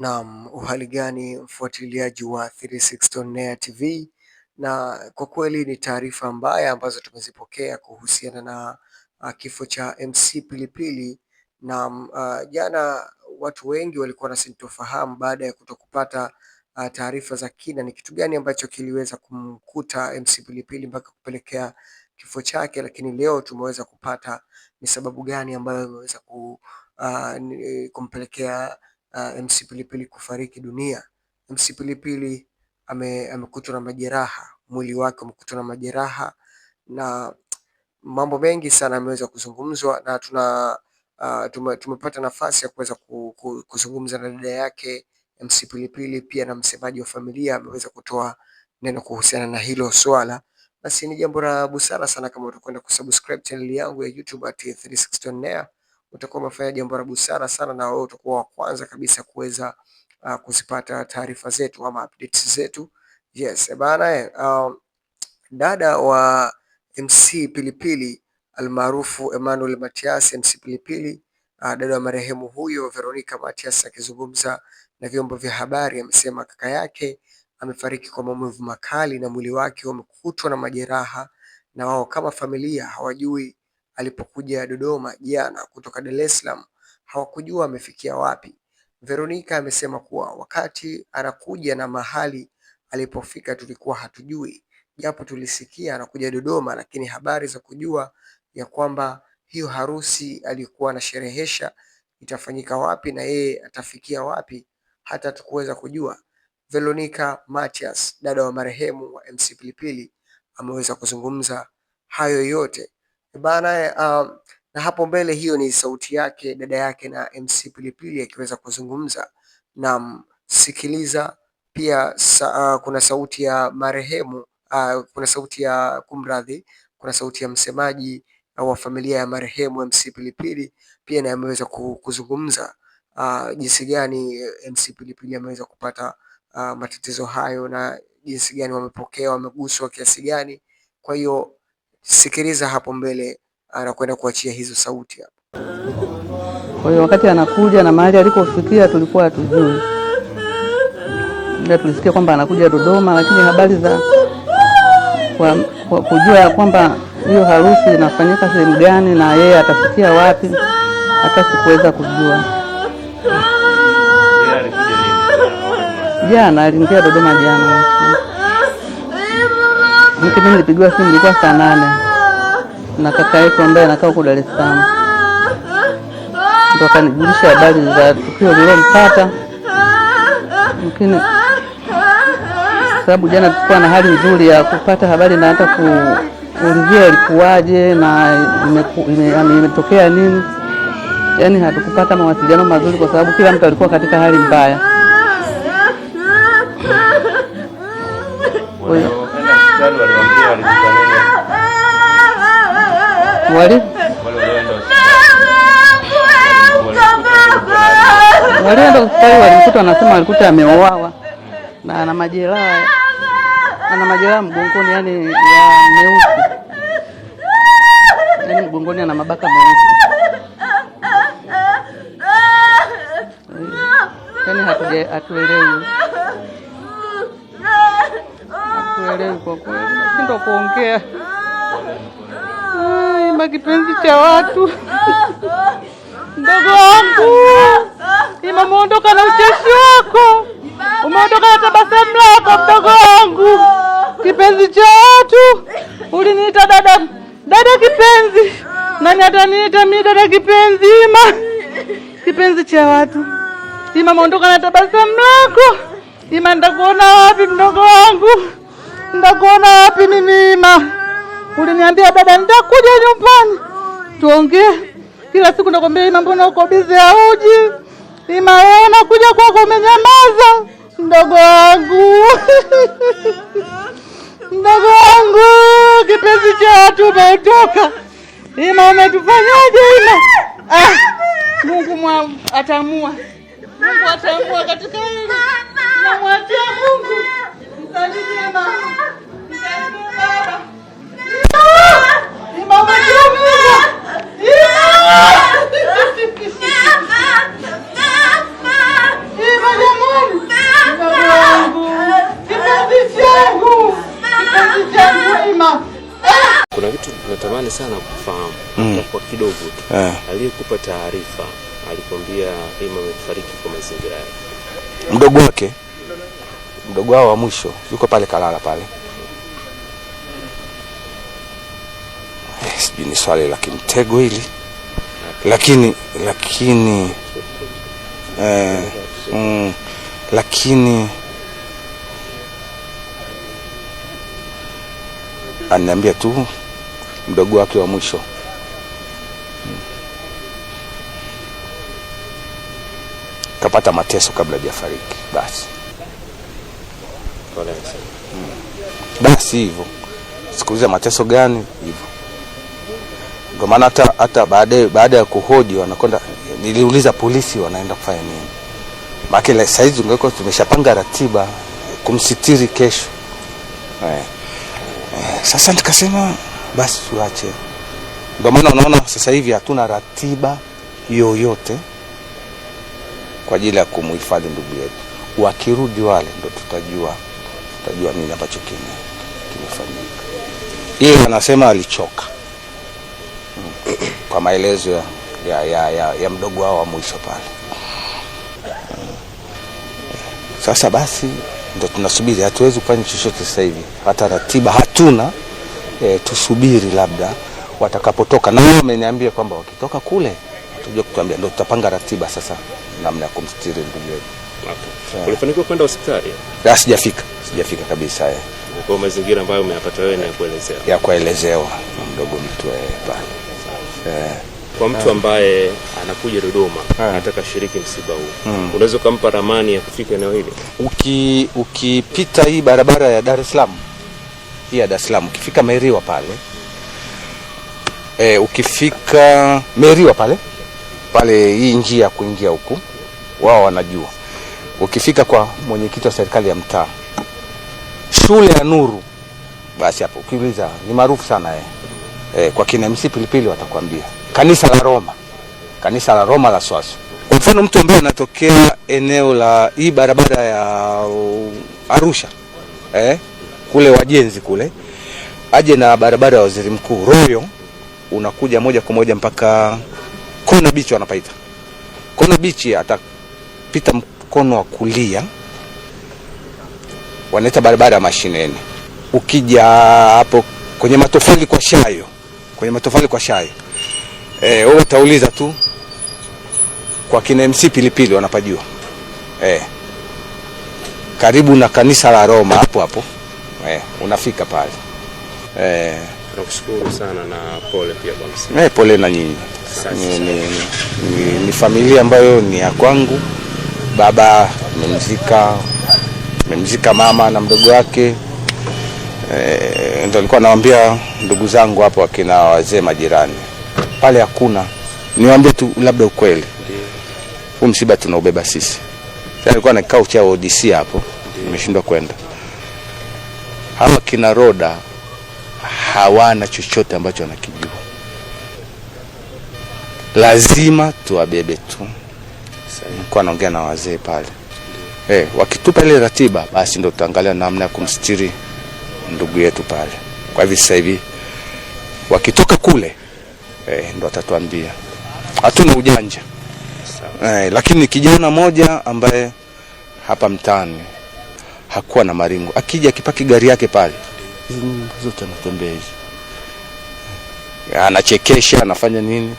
Naam, uhali gani mfuatiliaji wa 360 on Air TV, na kwa kweli ni taarifa mbaya ambazo tumezipokea kuhusiana na uh, kifo cha MC Pilipili na uh, ah, jana watu wengi walikuwa na sintofahamu baada ya kutokupata uh, taarifa za kina ni kitu gani ambacho kiliweza kumkuta MC Pilipili mpaka kupelekea kifo chake, lakini leo tumeweza kupata ni sababu gani ambayo imeweza ku, uh, kumpelekea uh, ah, MC Pilipili kufariki dunia. MC Pilipili amekutwa na majeraha, mwili wake umekutwa na majeraha na mambo mengi sana ameweza kuzungumzwa na tuna uh, tume, tumepata nafasi ya kuweza kuzungumza na dada yake MC Pilipili, pia na msemaji wa familia ameweza kutoa neno kuhusiana na hilo swala. Basi ni jambo la busara sana kama utakwenda kusubscribe channel yangu ya YouTube at 360 On Air utakuwa umefanya jambo la busara sana, na wewe utakuwa wa kwanza kabisa kuweza uh, kuzipata taarifa zetu ama updates zetu. Yes, bana eh, eh, um, dada wa MC Pilipili almaarufu Emmanuel Matias, MC Pilipili uh, dada wa marehemu huyo Veronica Matias, akizungumza na vyombo vya habari amesema kaka yake amefariki kwa maumivu makali na mwili wake umekutwa na majeraha, na wao kama familia hawajui alipokuja Dodoma jana kutoka Dar es Salaam hawakujua amefikia wapi. Veronica amesema kuwa wakati anakuja na mahali alipofika tulikuwa hatujui, japo tulisikia anakuja Dodoma, lakini habari za kujua ya kwamba hiyo harusi aliyokuwa anasherehesha itafanyika wapi na yeye atafikia wapi hata tukuweza kujua. Veronica Matias, dada wa marehemu wa MC Pilipili, ameweza kuzungumza hayo yote. Bana uh, um, na hapo mbele hiyo ni sauti yake dada yake na MC Pilipili akiweza kuzungumza na msikiliza pia sa, uh, kuna sauti ya marehemu uh, kuna sauti ya kumradhi, kuna sauti ya msemaji uh, wa familia ya marehemu MC Pilipili pia naye ameweza kuzungumza uh, jinsi gani uh, MC Pilipili ameweza kupata uh, matatizo hayo na jinsi gani wamepokea, wameguswa kiasi gani. Kwa hiyo Sikiliza hapo mbele anakwenda kuachia hizo sauti hapo. Kwa hiyo wakati anakuja na mahali alikofikia tulikuwa hatujui, ila tulisikia kwamba anakuja Dodoma, lakini habari za kwa, kwa kujua ya kwamba hiyo harusi inafanyika sehemu gani na yeye atafikia wapi hata sikuweza kujua. Jana aliingia Dodoma jana. Mimi nilipigiwa simu ilikuwa saa nane na kaka yako ambaye anakaa huko Dar es Salaam, ndo akanijulisha habari za tukio lilompata, lakini sababu jana tulikuwa na hali nzuri ya kupata habari na hata kuulizia ilikuwaje na yaani imetokea nini, yaani hatukupata mawasiliano mazuri kwa sababu kila mtu alikuwa katika hali mbaya hospitali walikuta Wali? Walienda hospitali walikuta wanasema walikuta ameuawa na ana majeraha ana majeraha mgongoni, yani ya meusi, yani mgongoni ana mabaka meusi. Yani hatuelewi kueleza kwa kweli, nashindwa kuongea. Ima kipenzi cha watu, mdogo wangu Ima, umeondoka na ucheshi wako, umeondoka na tabasamu lako, mdogo wangu, kipenzi cha watu. Uliniita dada, dada kipenzi. Nani ataniita mimi dada kipenzi? Ima, kipenzi cha watu, Ima, umeondoka na tabasamu lako Ima, ndakuona wapi mdogo wangu? Ndakuona wapi mimima? Uliniambia dada, ndakuja nyumbani tuongee. Kila siku nakwambia, Ima, mbona uko bize? Auji Ima, wewe nakuja kwako, umenyamaza mdogo wangu mdogo wangu, kipenzi cha watu umetoka. Ima, umetufanyaje Ima? Ah, Mungu mwa atamua, Mungu atamua katika hili, namwachia Mungu. Kuna kitu natamani sana kufahamu mm. Kwa kidogo tu yeah. Aliyekupa taarifa alikwambia Ima amefariki kwa mazingira yake mdogo wake mdogo wao wa mwisho yuko pale kalala pale. Eh, sijui ni swali la kimtego hili, lakini lakini eh, mm, lakini ananiambia tu mdogo wake wa mwisho kapata mateso kabla hajafariki basi. Valence. Basi hivyo sikuliza mateso gani hivyo, ndio maana hata hata baadaye baada ya kuhoji wanakwenda, niliuliza polisi wanaenda kufanya nini, la saizi ungekuwa tumeshapanga ratiba kumsitiri kesho eh. eh. Sasa nikasema basi tuache, ndio maana unaona sasa hivi hatuna ratiba yoyote kwa ajili ya kumhifadhi ndugu yetu. Wakirudi wale ndo tutajua tajua nini ambacho kimefanyika. Yeye anasema alichoka kwa maelezo ya, ya, ya, ya, ya mdogo wao wa mwisho pale Sasa basi ndo tunasubiri, hatuwezi kufanya chochote sasa hivi, hata ratiba hatuna e, tusubiri labda watakapotoka, na wameniambia kwamba wakitoka kule watujua kutuambia, ndo tutapanga ratiba sasa namna ya kumstiri ndugu yetu. Ulifanikiwa kwenda hospitali? La, ah, sijafika, sijafika kabisa. Eh. Kwa mazingira ambayo umeyapata wewe ni ya kuelezewa, ya kuelezewa na mdogo mtu eh, pale eh kwa mtu ah. ambaye anakuja Dodoma ah. anataka shiriki msiba huu hmm. unaweza ukampa ramani ya kufika eneo hili uki ukipita hii barabara ya Dar es Salaam hii ya Dar es Salaam ukifika Meriwa pale e, ukifika Meriwa pale pale hii njia ya kuingia huku wao wanajua Ukifika kwa mwenyekiti wa serikali ya mtaa shule ya Nuru, basi hapo ukiuliza ni maarufu sana eh. Eh, kwa kina MC Pilipili watakwambia kanisa la Roma, kanisa la Roma la Swaso. Kwa mfano mtu ambaye anatokea eneo la hii barabara ya Arusha eh, kule wajenzi kule aje na barabara ya waziri mkuu Royo, unakuja moja kwa moja mpaka Kona bichi wanapaita Kona bichi atapita mkono wa kulia wanaita barabara ya Mashineni, ukija hapo kwenye matofali kwa shayo, kwenye matofali kwa shayo e, eh, wewe utauliza tu kwa kina MC Pilipili wanapajua e, karibu na kanisa la Roma hapo hapo e, unafika pale e. Nakushukuru sana na pole pia bwana. Eh, pole na nyinyi. Ni, ni, ni, ni familia ambayo ni ya kwangu baba amemzika, amemzika mama na mdogo wake. E, eh, ndo alikuwa nawaambia ndugu zangu hapo akina wazee majirani pale, hakuna niwaambie tu labda ukweli, huu msiba tunaubeba sisi. Sasa alikuwa na kikao cha ODC hapo, nimeshindwa kwenda. Hawa kina Roda hawana chochote ambacho wanakijua, lazima tuwabebe tu nilikuwa naongea na wazee pale eh, wakitupa ile ratiba, basi ndo tutaangalia namna ya kumstiri ndugu yetu pale. Kwa hivyo sasa hivi wakitoka kule eh, ndo atatuambia. Hatuna ujanja eh, lakini kijana moja ambaye hapa mtaani hakuwa na maringo, akija akipaki gari yake pale zote anatembea hivi, anachekesha, anafanya nini